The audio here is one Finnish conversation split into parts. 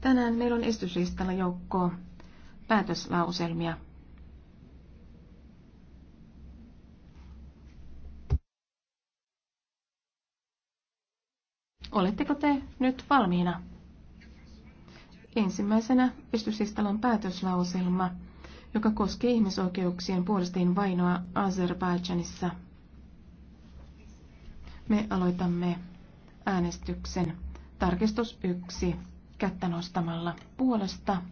Tänään meillä on esityslistalla joukko päätöslauselmia. Oletteko te nyt valmiina? Ensimmäisenä esityslistalla on päätöslauselma, joka koskee ihmisoikeuksien puolestiin vainoa Azerbaidžanissa. Me aloitamme äänestyksen. Tarkistus 1. Kättä nostamalla puolesta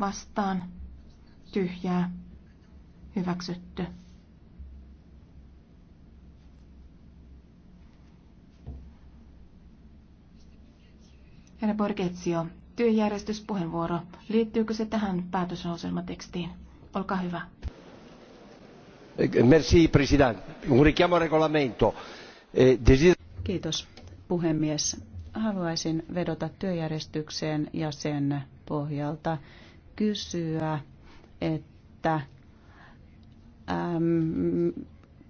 vastaan tyhjää hyväksytty. Herra Borgetsio, työjärjestyspuheenvuoro. Liittyykö se tähän päätöslauselmatekstiin? Olkaa hyvä. Eh, merci, president. Un richiamo regolamento. Eh, Kiitos puhemies. Haluaisin vedota työjärjestykseen ja sen pohjalta kysyä, että äm,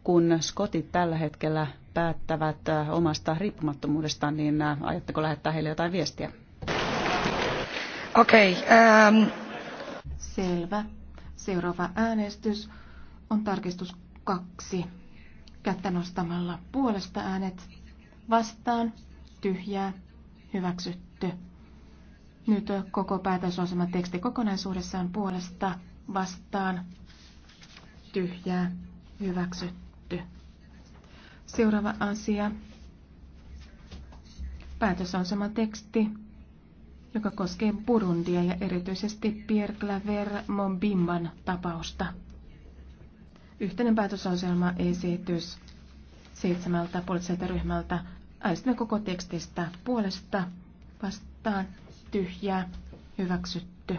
kun skotit tällä hetkellä päättävät äh, omasta riippumattomuudestaan, niin äh, ajatteko lähettää heille jotain viestiä? Okei. Okay, um... Selvä. Seuraava äänestys on tarkistus kaksi. Kättä nostamalla puolesta äänet vastaan, tyhjää, hyväksytty. Nyt koko päätösosama teksti kokonaisuudessaan puolesta, vastaan, tyhjää, hyväksytty. Seuraava asia. Päätös teksti, joka koskee Burundia ja erityisesti Pierre Claver Mombimban tapausta. Yhteinen päätösauselma esitys seitsemältä poliittiselta ryhmältä Äänestämme koko tekstistä puolesta vastaan tyhjää hyväksytty.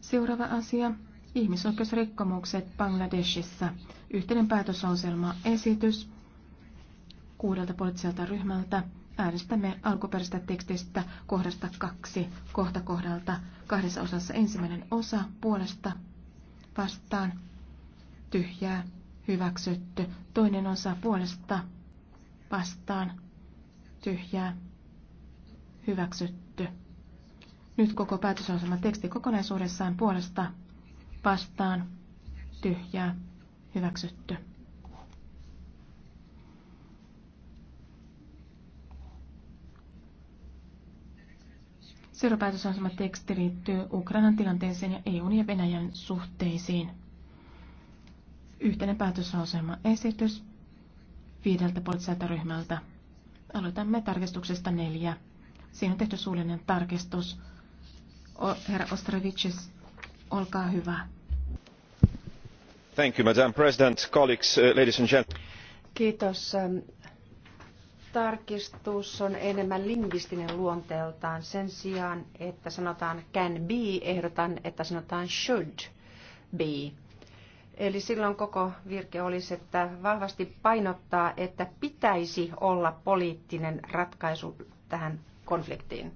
Seuraava asia. Ihmisoikeusrikkomukset Bangladeshissa. Yhteinen päätöslauselma esitys kuudelta poliittiselta ryhmältä. Äänestämme alkuperäisestä tekstistä kohdasta kaksi kohta kohdalta kahdessa osassa ensimmäinen osa puolesta vastaan tyhjää hyväksytty. Toinen osa puolesta vastaan tyhjää hyväksytty. Nyt koko päätösosama teksti kokonaisuudessaan puolesta vastaan tyhjää hyväksytty. Seuraava päätösasema teksti liittyy Ukrainan tilanteeseen ja EUn ja Venäjän suhteisiin. Yhteinen päätösasema esitys viideltä poliittiselta ryhmältä. Aloitamme tarkistuksesta neljä. Siinä on tehty suullinen tarkistus. Herra Ostrovicis, olkaa hyvä. Thank you, Madam President, colleagues, uh, ladies and gentlemen. Kiitos. Ähm, tarkistus on enemmän lingvistinen luonteeltaan. Sen sijaan, että sanotaan can be, ehdotan, että sanotaan should be Eli silloin koko virke olisi, että vahvasti painottaa, että pitäisi olla poliittinen ratkaisu tähän konfliktiin.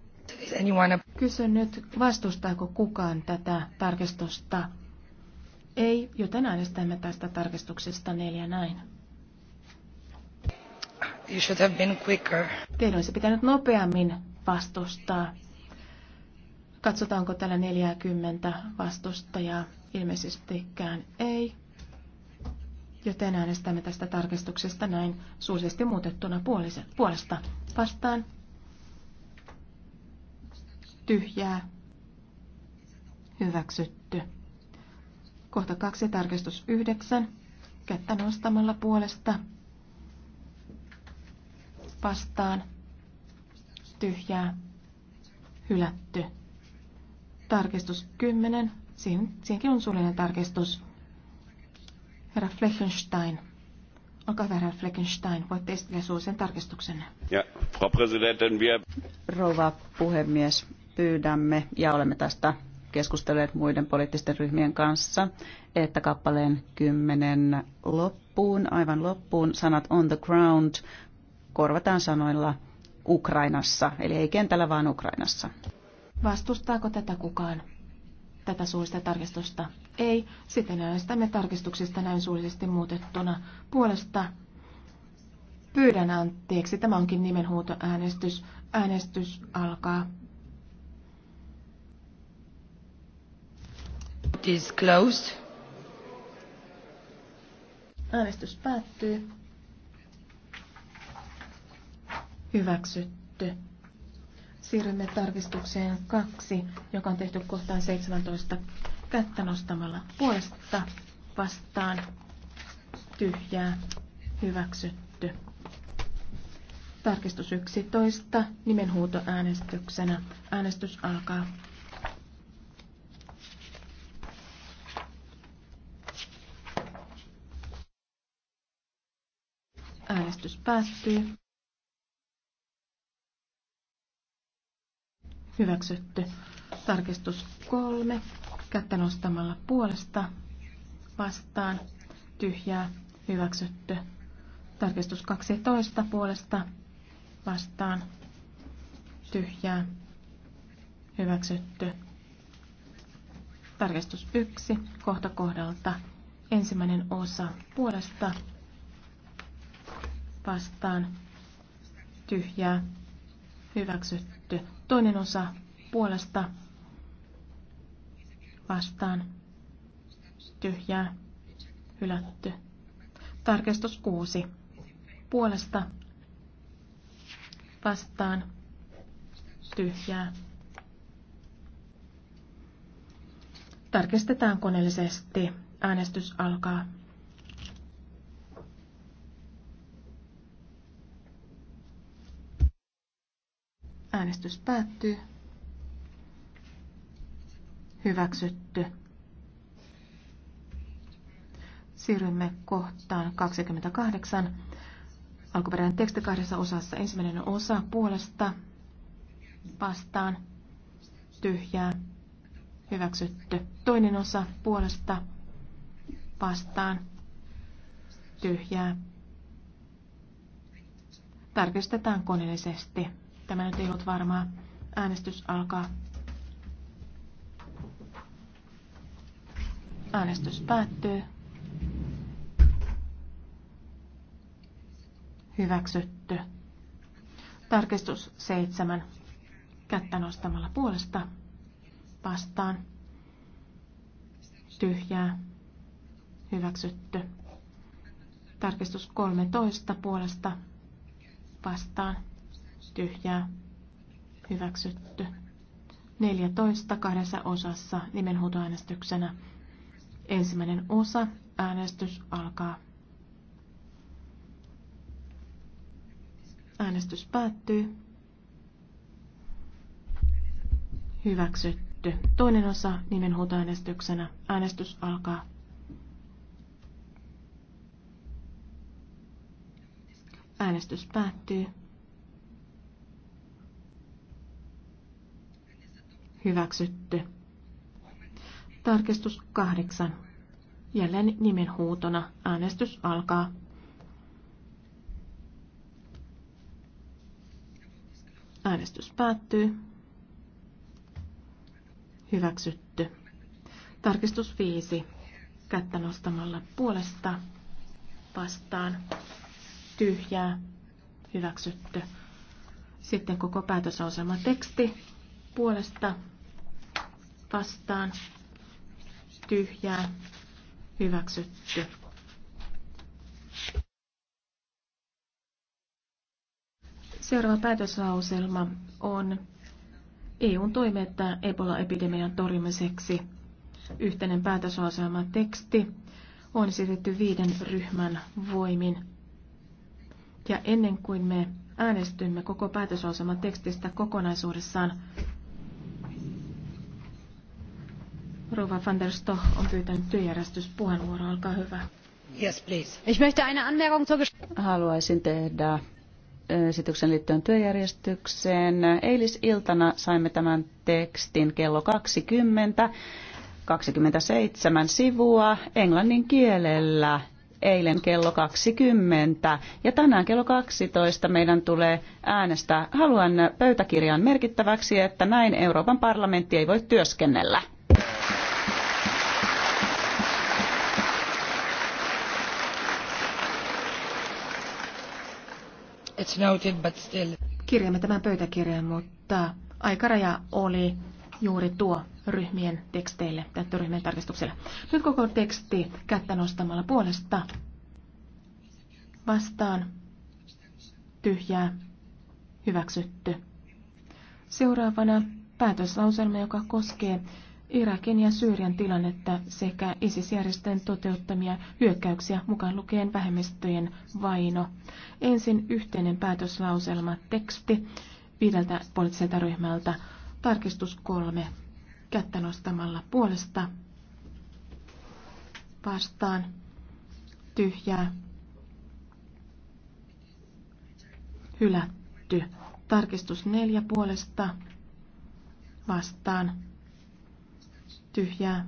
Kysyn nyt, vastustaako kukaan tätä tarkistusta? Ei, joten äänestämme tästä tarkistuksesta neljä näin. You should have been quicker. Teidän olisi pitänyt nopeammin vastustaa. Katsotaanko täällä 40 vastustajaa? Ilmeisestikään ei. Joten äänestämme tästä tarkistuksesta näin suullisesti muutettuna puolesta vastaan. Tyhjää. Hyväksytty. Kohta kaksi tarkistus yhdeksän. Kättä nostamalla puolesta. Vastaan. Tyhjää. Hylätty. Tarkistus 10. Siin, siinkin on suullinen tarkistus. Herra Fleckenstein. Olkaa hyvä, herra Fleckenstein. Voitte esitellä suullisen tarkistuksen. Ja, Frau Präsidentin, wir... Rouva puhemies, pyydämme ja olemme tästä keskustelleet muiden poliittisten ryhmien kanssa, että kappaleen 10 loppuun, aivan loppuun, sanat on the ground korvataan sanoilla Ukrainassa, eli ei kentällä vaan Ukrainassa. Vastustaako tätä kukaan? Tätä suullista tarkistusta? Ei. Sitten äänestämme tarkistuksista näin suullisesti muutettuna. Puolesta pyydän anteeksi. Tämä onkin nimenhuutoäänestys. Äänestys alkaa. It is closed. Äänestys päättyy. Hyväksytty. Siirrymme tarkistukseen kaksi, joka on tehty kohtaan 17 kättä nostamalla puolesta vastaan tyhjää hyväksytty. Tarkistus 11 nimenhuutoäänestyksenä. Äänestys alkaa. Äänestys päättyy. Hyväksytty. Tarkistus kolme. Kättä nostamalla puolesta vastaan. Tyhjää. Hyväksytty. Tarkistus 12 puolesta vastaan. Tyhjää. Hyväksytty. Tarkistus 1. Kohta kohdalta. Ensimmäinen osa puolesta vastaan. Tyhjää hyväksytty. Toinen osa puolesta vastaan tyhjää hylätty. Tarkistus 6 puolesta vastaan tyhjää. Tarkistetaan koneellisesti. Äänestys alkaa. Äänestys päättyy. Hyväksytty. Siirrymme kohtaan 28. Alkuperäinen teksti kahdessa osassa. Ensimmäinen osa puolesta vastaan tyhjää hyväksytty. Toinen osa puolesta vastaan tyhjää. Tarkistetaan koneellisesti. Tämä nyt ei ollut varmaa. Äänestys alkaa. Äänestys päättyy. Hyväksytty. Tarkistus seitsemän. Kättä nostamalla puolesta. Vastaan. Tyhjää. Hyväksytty. Tarkistus 13 puolesta. Vastaan tyhjää, hyväksytty. 14 kahdessa osassa nimenhuutoäänestyksenä. Ensimmäinen osa, äänestys alkaa. Äänestys päättyy. Hyväksytty. Toinen osa nimenhuutoäänestyksenä. Äänestys alkaa. Äänestys päättyy. Hyväksytty. Tarkistus kahdeksan. Jälleen nimen huutona. Äänestys alkaa. Äänestys päättyy. Hyväksytty. Tarkistus 5. Kättä nostamalla puolesta vastaan. Tyhjää. Hyväksytty. Sitten koko päätösasema teksti puolesta vastaan tyhjää hyväksytty. Seuraava päätöslauselma on EUn toimetta Ebola-epidemian torjumiseksi. Yhteinen päätöslauselma teksti on esitetty viiden ryhmän voimin. Ja ennen kuin me äänestymme koko päätöslauselman tekstistä kokonaisuudessaan, Rova van der Stoch on pyytänyt työjärjestyspuheenvuoroa. Olkaa hyvä. Yes, please. Ich möchte eine Anmerkung zur Haluaisin tehdä esityksen liittyen työjärjestykseen. Eilisiltana saimme tämän tekstin kello 20, 27 sivua englannin kielellä eilen kello 20 ja tänään kello 12 meidän tulee äänestää. Haluan pöytäkirjaan merkittäväksi, että näin Euroopan parlamentti ei voi työskennellä. It's noted, but still. Kirjaamme tämän pöytäkirjan, mutta aikaraja oli juuri tuo ryhmien teksteille tätä ryhmien tarkistukselle. Nyt koko teksti kättä nostamalla puolesta vastaan tyhjää hyväksytty. Seuraavana päätöslauselma, joka koskee Irakin ja Syyrian tilannetta sekä isis järjestöjen toteuttamia hyökkäyksiä mukaan lukien vähemmistöjen vaino. Ensin yhteinen päätöslauselma teksti viideltä poliittiselta ryhmältä. Tarkistus kolme. Kättä nostamalla puolesta. Vastaan. Tyhjää. Hylätty. Tarkistus neljä puolesta. Vastaan tyhjää,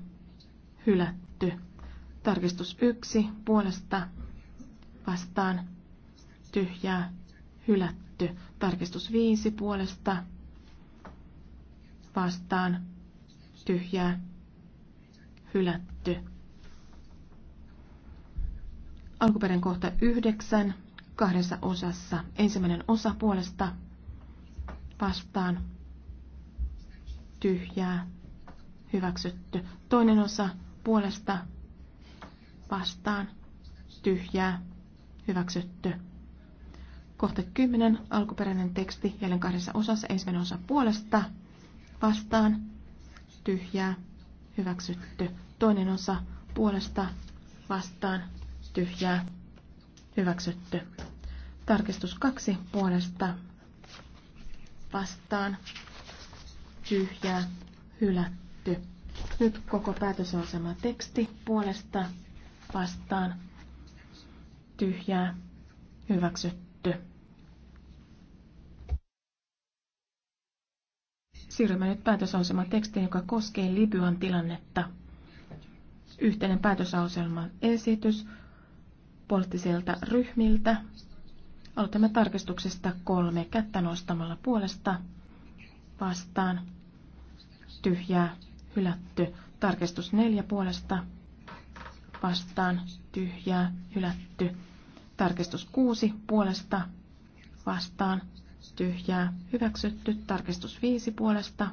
hylätty. Tarkistus yksi puolesta vastaan tyhjää, hylätty. Tarkistus viisi puolesta vastaan tyhjää, hylätty. Alkuperäinen kohta yhdeksän kahdessa osassa. Ensimmäinen osa puolesta vastaan tyhjää, hyväksytty. Toinen osa puolesta vastaan tyhjää hyväksytty. Kohta 10 alkuperäinen teksti jälleen kahdessa osassa ensimmäinen osa puolesta vastaan tyhjää hyväksytty. Toinen osa puolesta vastaan tyhjää hyväksytty. Tarkistus kaksi puolesta vastaan tyhjää hylätty. Hyväksytty. Nyt koko sama teksti puolesta vastaan. Tyhjää. Hyväksytty. Siirrymme nyt päätösauselman tekstiin, joka koskee Libyan tilannetta. Yhteinen päätösauselman esitys poliittisilta ryhmiltä. Aloitamme tarkistuksesta kolme kättä nostamalla puolesta vastaan tyhjää hylätty. Tarkistus neljä puolesta vastaan tyhjää hylätty. Tarkistus kuusi puolesta vastaan tyhjää hyväksytty. Tarkistus viisi puolesta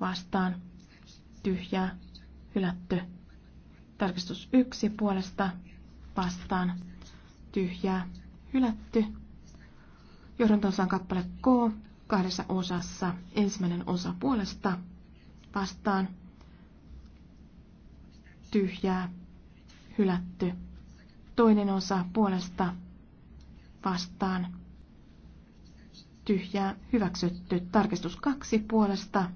vastaan tyhjää hylätty. Tarkistus yksi puolesta vastaan tyhjää hylätty. Johdantonsan kappale K kahdessa osassa. Ensimmäinen osa puolesta vastaan tyhjää, hylätty. Toinen osa puolesta vastaan, tyhjää, hyväksytty. Tarkistus kaksi puolesta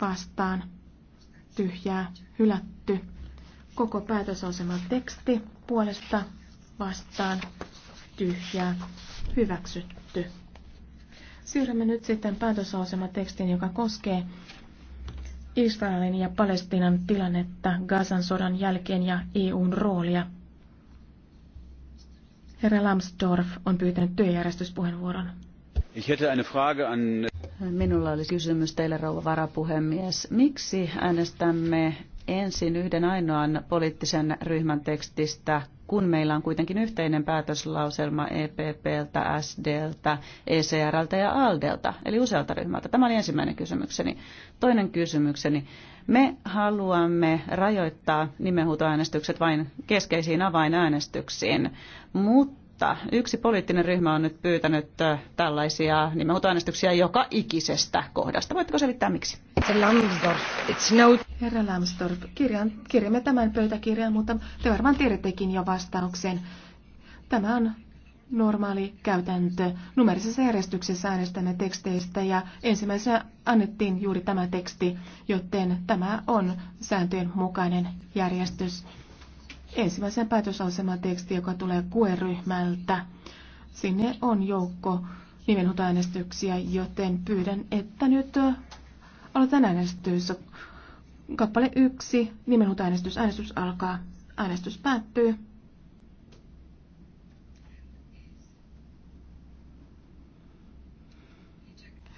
vastaan, tyhjää, hylätty. Koko päätösaseman teksti puolesta vastaan, tyhjää, hyväksytty. Siirrymme nyt sitten tekstin, joka koskee Israelin ja Palestiinan tilannetta Gazan sodan jälkeen ja EUn roolia. Herra Lambsdorff on pyytänyt työjärjestyspuheenvuoron. Ich hätte eine Frage an... Minulla oli kysymys teille, rouva varapuhemies. Miksi äänestämme ensin yhden ainoan poliittisen ryhmän tekstistä kun meillä on kuitenkin yhteinen päätöslauselma EPPltä, SDltä, ECRltä ja ALDelta, eli usealta ryhmältä. Tämä oli ensimmäinen kysymykseni. Toinen kysymykseni. Me haluamme rajoittaa nimenhuutoäänestykset vain keskeisiin avainäänestyksiin, mutta mutta yksi poliittinen ryhmä on nyt pyytänyt tällaisia nimenhuutoäänestyksiä joka ikisestä kohdasta. Voitteko selittää miksi? No... Herra Lambsdorff, kirjan, kirjamme tämän pöytäkirjan, mutta te varmaan tiedättekin jo vastauksen. Tämä on normaali käytäntö. Numerisessa järjestyksessä äänestämme teksteistä ja ensimmäisenä annettiin juuri tämä teksti, joten tämä on sääntöjen mukainen järjestys ensimmäisen päätösaseman teksti, joka tulee QE-ryhmältä. Sinne on joukko nimenhuutoäänestyksiä, joten pyydän, että nyt aloitetaan äänestys. Kappale 1, nimenhuutoäänestys, äänestys alkaa, äänestys päättyy.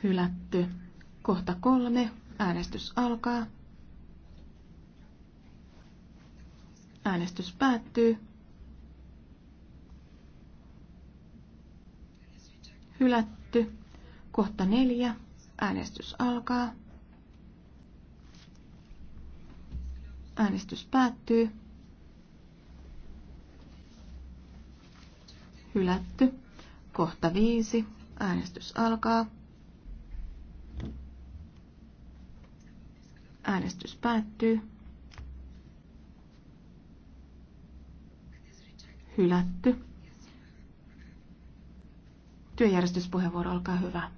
Hylätty. Kohta kolme, äänestys alkaa. Äänestys päättyy. Hylätty. Kohta neljä. Äänestys alkaa. Äänestys päättyy. Hylätty. Kohta viisi. Äänestys alkaa. Äänestys päättyy. hylätty. Työjärjestyspuheenvuoro, olkaa hyvä.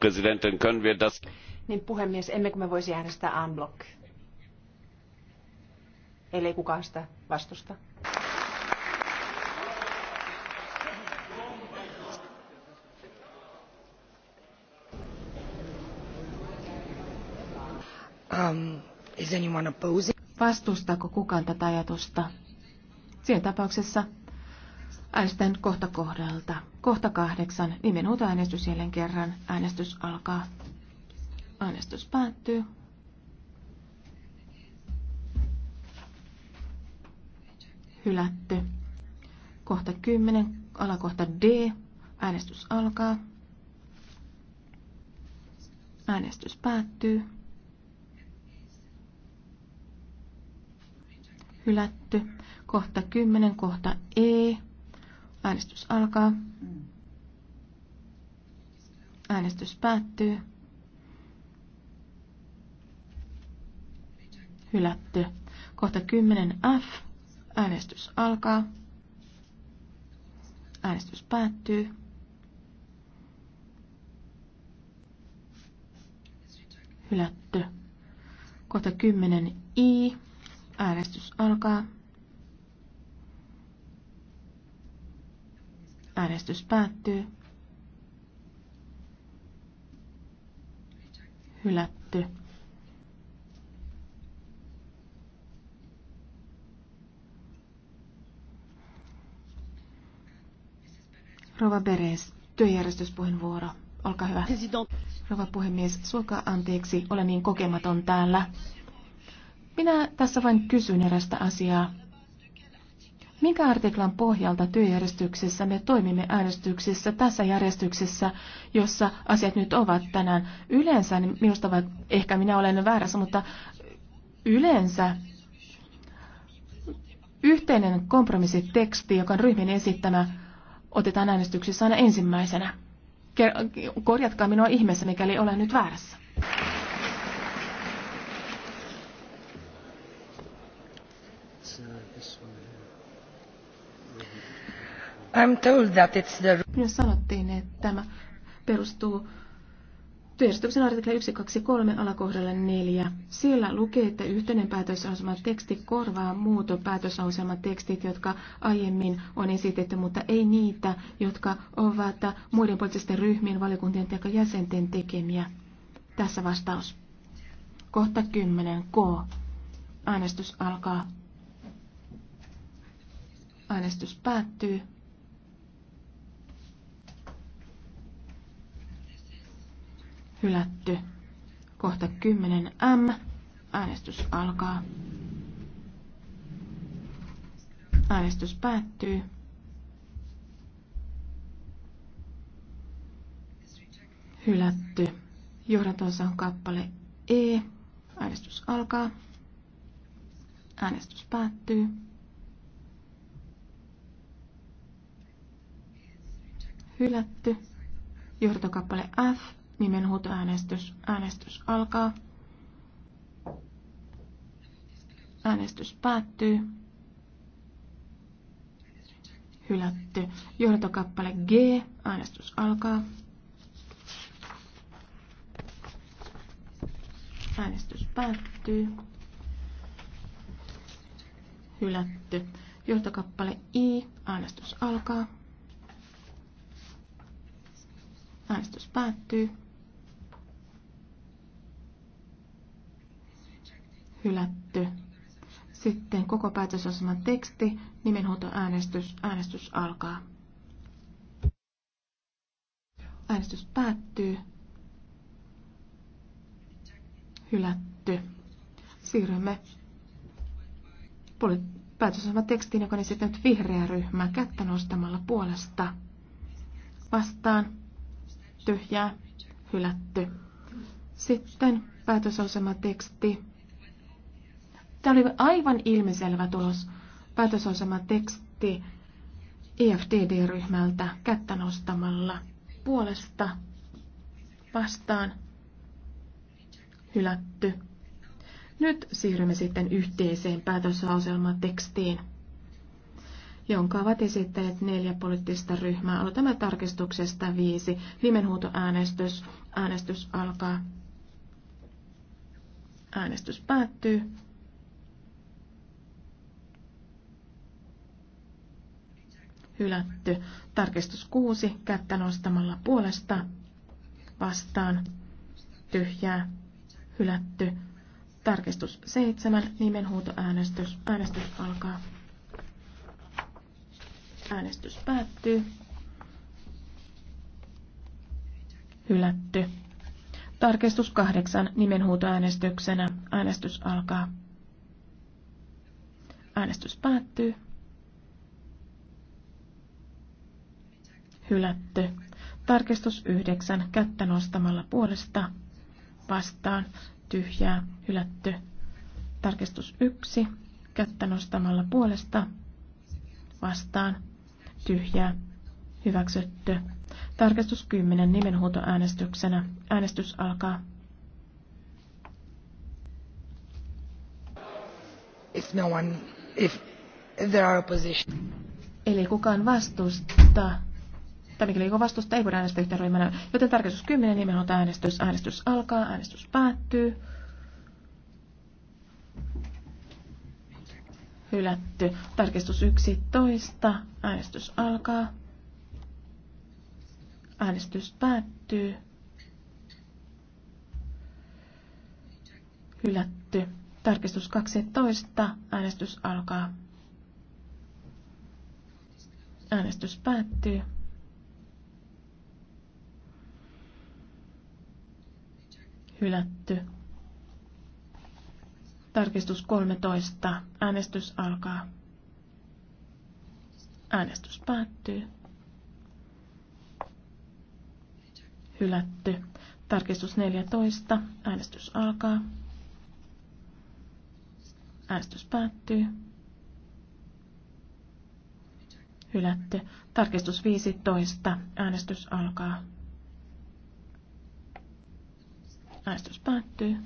Presidentin, können wir das... Niin puhemies, emmekö me voisi äänestää unblock? Eli kukaan sitä vastusta. Um, is anyone opposing? Vastustaako kukaan tätä ajatusta? Siinä tapauksessa Äänestän kohta kohdalta. Kohta kahdeksan. Nimenhuuto äänestys jälleen kerran. Äänestys alkaa. Äänestys päättyy. Hylätty. Kohta kymmenen. Alakohta D. Äänestys alkaa. Äänestys päättyy. Hylätty. Kohta 10. Kohta E. Äänestys alkaa. Äänestys päättyy. Hylätty. Kohta 10 F. Äänestys alkaa. Äänestys päättyy. Hylätty. Kohta 10 I. Äänestys alkaa. Äänestys päättyy. Hylätty. Rova Beres, työjärjestyspuheenvuoro. Olkaa hyvä. Rova puhemies, suokaa anteeksi, olen niin kokematon täällä. Minä tässä vain kysyn erästä asiaa. Minkä artiklan pohjalta työjärjestyksessä me toimimme äänestyksessä tässä järjestyksessä, jossa asiat nyt ovat tänään? Yleensä, niin minusta vaikka, ehkä minä olen väärässä, mutta yleensä yhteinen kompromissiteksti, joka on ryhmien esittämä, otetaan äänestyksessä aina ensimmäisenä. Korjatkaa minua ihmeessä, mikäli olen nyt väärässä. So, this one here. I'm sanottiin, että tämä perustuu työjärjestyksen artikla 123 alakohdalle 4. Siellä lukee, että yhteinen päätösaseman teksti korvaa muut päätösaseman tekstit, jotka aiemmin on esitetty, mutta ei niitä, jotka ovat muiden poliittisten ryhmien, valiokuntien tai jäsenten tekemiä. Tässä vastaus. Kohta 10. K. Äänestys alkaa. Äänestys päättyy. Hylätty. Kohta 10 M. Äänestys alkaa. Äänestys päättyy. Hylätty. Johdantonsa on kappale E. Äänestys alkaa. Äänestys päättyy. hylätty. johtokappale F, nimenhuutoäänestys. Äänestys alkaa. Äänestys päättyy. Hylätty. johtokappale G, äänestys alkaa. Äänestys päättyy. Hylätty. Johtokappale I, äänestys alkaa. Äänestys päättyy. Hylätty. Sitten koko päätösaseman teksti, nimenhuutoäänestys, äänestys alkaa. Äänestys päättyy. Hylätty. Siirrymme Päätösaseman tekstiin, joka on esittänyt vihreä ryhmä kättä nostamalla puolesta. Vastaan tyhjää, hylätty. Sitten päätösosamateksti. Tämä oli aivan ilmiselvä tulos. Päätösosamateksti EFDD-ryhmältä kättä nostamalla puolesta vastaan hylätty. Nyt siirrymme sitten yhteiseen päätöslauselmatekstiin jonka ovat esittäneet neljä poliittista ryhmää. Aloitamme tarkistuksesta viisi. Nimenhuutoäänestys. Äänestys alkaa. Äänestys päättyy. Hylätty. Tarkistus kuusi. Kättä nostamalla puolesta. Vastaan. Tyhjää. Hylätty. Tarkistus 7. Nimenhuutoäänestys. Äänestys alkaa. Äänestys päättyy. Hylätty. Tarkistus kahdeksan nimenhuutoäänestyksenä. Äänestys alkaa. Äänestys päättyy. Hylätty. Tarkistus yhdeksän kättä nostamalla puolesta vastaan tyhjää hylätty. Tarkistus yksi kättä nostamalla puolesta vastaan tyhjää, hyväksytty. Tarkastus 10 nimenhuutoäänestyksenä. Äänestys alkaa. If no one, if there are opposition. Eli kukaan vastusta, tai mikäli joku vastusta, ei voida äänestää yhtä ryhmänä. Joten tarkastus 10 nimenhuutoäänestys. Äänestys alkaa, äänestys päättyy. hylätty. Tarkistus 11. Äänestys alkaa. Äänestys päättyy. Hylätty. Tarkistus 12. Äänestys alkaa. Äänestys päättyy. Hylätty. Tarkistus 13. Äänestys alkaa. Äänestys päättyy. Hylätty. Tarkistus 14. Äänestys alkaa. Äänestys päättyy. Hylätty. Tarkistus 15. Äänestys alkaa. Äänestys päättyy.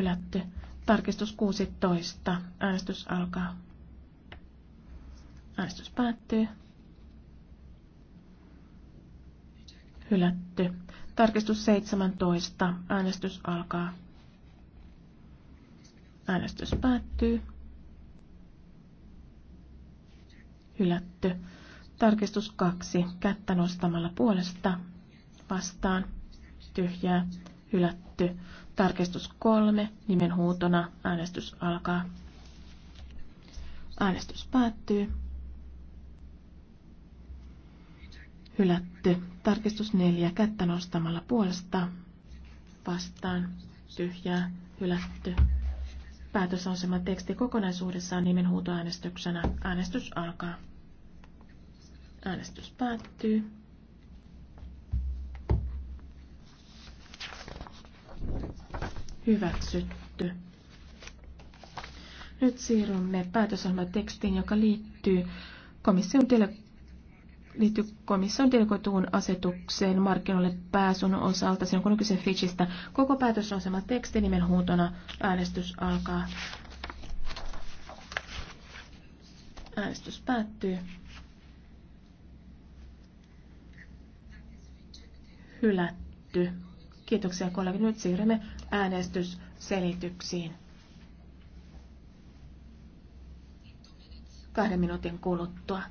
hylätty. Tarkistus 16. Äänestys alkaa. Äänestys päättyy. Hylätty. Tarkistus 17. Äänestys alkaa. Äänestys päättyy. Hylätty. Tarkistus 2. Kättä nostamalla puolesta vastaan. Tyhjää hylätty. Tarkistus kolme, nimen huutona, äänestys alkaa. Äänestys päättyy. Hylätty. Tarkistus neljä, kättä nostamalla puolesta, vastaan, tyhjää, hylätty. Päätösasema teksti kokonaisuudessaan huutoäänestyksenä. Äänestys alkaa. Äänestys päättyy. hyväksytty. Nyt siirrymme päätösohjelmatekstiin, joka liittyy komission, dele- liittyy komission delegoituun asetukseen markkinoille pääsun osalta. Siinä on kun kyse Fitchistä. Koko sama teksti nimen huutona äänestys alkaa. Äänestys päättyy. Hylätty. Kiitoksia kollegit. Nyt siirrymme äänestysselityksiin. Kahden minuutin kuluttua.